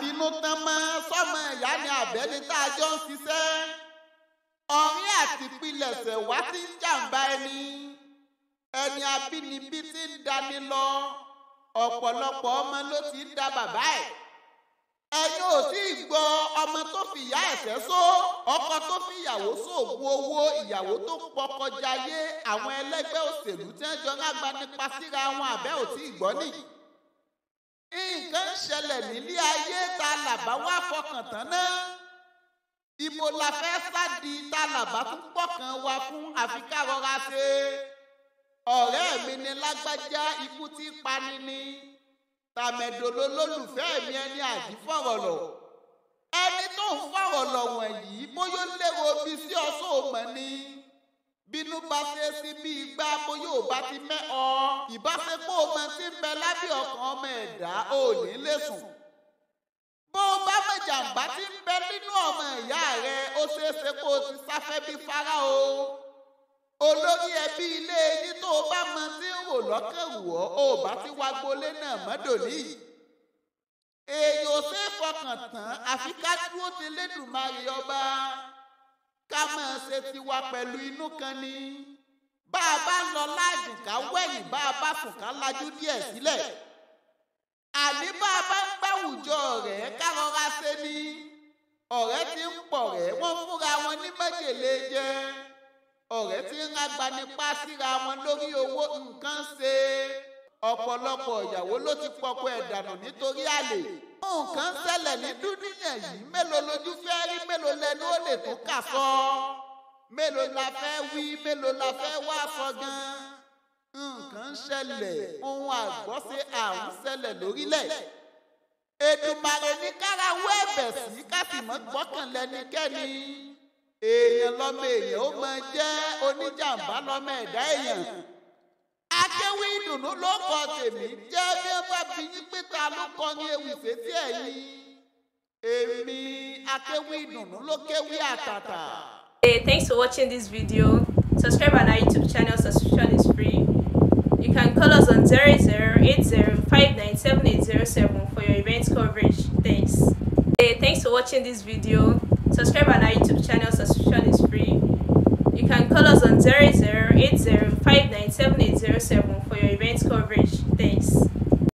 bínú tán mọ́ sọ́mọ ìyá ni àbẹ́ni tá a jọ ń ṣiṣẹ́ ọ̀rìn àti pilẹ̀sẹ̀ wá ti ń jàǹbá ẹni ẹni abínibí ti ń dani lọ ọ̀pọ̀lọpọ̀ ọmọ ló ti ń da bàbá ẹ̀ ẹ̀yin ò tí ì gbọ́ ọmọ tó fìyà ẹ̀sẹ̀ só ọkọ tó fìyàwó sóògùn owó ìyàwó tó pọkọ jayé àwọn ẹlẹ́gbẹ́ òṣèlú tí wọ́n jọ lágbá nípa síra wọn àbẹ́ ò tí nìyí nǹkan ṣẹlẹ̀ nílé ayé ta làbá wá fọkàn tán náà ibo la fẹ́ sádi ta làbá tún pọ̀kan wa fún àfikà rọra ṣe ọ̀rẹ́ mi ni lágbájá ikú tí pani ni tàmẹ̀dòló lólùfẹ́ mi ẹni àdífọ̀rọ̀lọ̀ ẹni tó ń fọ̀rọ̀lọ̀ wọ̀nyí bóyá léwo bí sí ọ̀sán òmọ̀ ni bínú bá ṣe sí bí igbá bó yóò bá ti mẹ́ ọ ìbáṣepọ̀ ọmọ tí ń bẹ lábẹ́ ọkàn ọmọ ẹ̀dá ò ní lè sùn bó o bá mẹjàmbá tí ń bẹ nínú ọmọ ìyá rẹ ó ṣeé ṣe kó o ti sáfẹ́ bí fara o olórí ẹbí ilé yín tó o bá mọ tí ń rò lọ́kàn bá ti wá gbolé náà mọ́dòní èèyàn ò ṣeé fọkàn tán àfi ká dúró ti Lédùmarè ọba máa ṣe tiwa pẹ̀lú inú kan ni bá a bá ń lọ láàdùn ká wẹ̀yìn bá a bá fùn ká lajú díẹ̀ sílẹ̀ àní bá a bá ń gbàwùjọ rẹ̀ ká rọra ṣe ni ọ̀rẹ́ ti ń pọ̀ rẹ̀ wọ́n fúnra wọn ní májèlé jẹ ọ̀rẹ́ ti ń rágbanipá síra wọn lórí owó nǹkan ṣe ọ̀pọ̀lọpọ̀ ìyàwó ló ti pọkọ ẹ̀ dànù nítorí àlè nǹkan ṣẹlẹ̀ ní dúníyàn yìí mélòó lójú fẹ́ rí mélòó lẹnu ó lè tó kà sọ mélòó la fẹ́ wí mélòó la fẹ́ wá sọ gan nǹkan ṣẹlẹ̀ ohun àgbọ́ṣe àrùn ṣẹlẹ̀ lórílẹ̀ Èdùmàrè ní kárawọ ẹ̀bẹ̀ sí káfímọ́ gbọ́kànlé nìkẹ́ni èèyàn lọ́mọ èèyàn ó máa jẹ́ oníjàmbá lọ́mọ ẹ̀dá èèyàn ìdùnnú ló kọ tèmi jẹ́ bí ó bá bí yín pé ta ló kọ ní ewì sétí ẹ̀yìn èmi akéwì ìdùnnú ló kéwì àtàtà. Hey, thanks for watching this video. Subscribe on our YouTube channel, subscription is free. You can call us on zero zero zero zero eight eight five nine seven seven for your event coverage. Thanks. Hey, thanks for watching this video. Subscribe on our YouTube channel, subscription is free. You can call us on 0080 for your event coverage. Thanks.